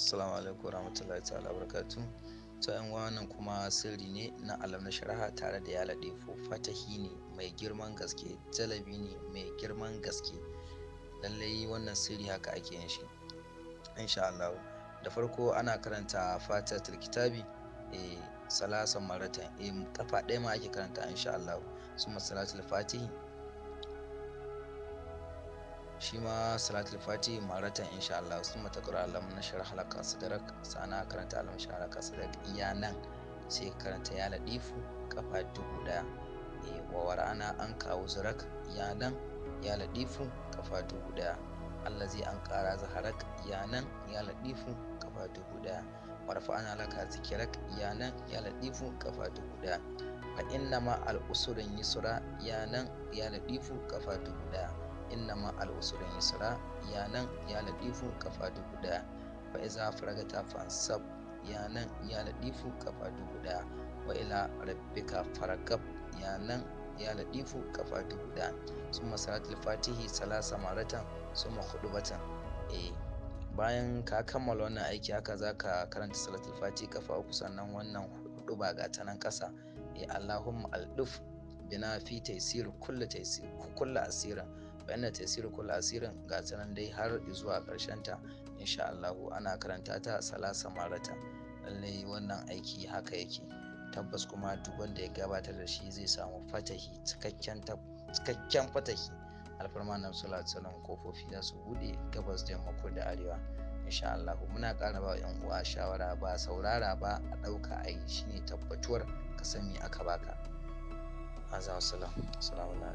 assalamu alaikum warahmatullahi ta'ala barakatun ta yan wannan kuma sirri ne na alam na tare da yala defo fatahi ne mai girman gaske jalabi ne mai girman gaske lallai wannan sirri haka ake yin shi insha Allah da farko ana karanta fatatul kitabi e salasan maratan eh kafa ɗaya ma ake karanta insha Allah suma salatul fatihi shi ma salatul fati maratan insha Allah sun matakura alam na shara halaka sadarak sana karanta alam shara halaka sadarak iya nan sai karanta ya ladifu kafa dubu daya e wa warana an kawo zarak iya nan ya ladifu kafa dubu daya Allah zai an kara zaharak iya nan ya ladifu kafa dubu daya warfa ana laka zikirak iya nan ya ladifu kafa dubu daya fa inna ma al usurin yusra iya nan ya ladifu kafa dubu daya innama ma al'usurin yusra ya ya ladifu kafa dubu daya fa iza faragata fansab ya nan ya ladifu kafa dubu daya wa ila rabbika faragab yanan ya ladifu kafa dubu daya summa salatul fatihi salasa maratan summa khudubatan eh bayan ka kammala wannan aiki haka za ka karanta salatul fatihi kafa uku sannan wannan hudu ba ga ta nan kasa eh allahumma alduf bina fi taisir kullu taisir kullu asirin ta tasiru kula asirin ga dai har zuwa ƙarshen ta insha Allah ana karanta ta salasa marata lallai wannan aiki haka yake tabbas kuma duk wanda ya gabatar da shi zai samu fatahi cikakken cikakken fatahi alfarma na salatu alaihi ko kofofi za su bude gabas da yamma da arewa insha Allah muna ƙara ba yan uwa shawara ba saurara ba a ɗauka a yi shine tabbatuwar ka san me aka baka azza assalamu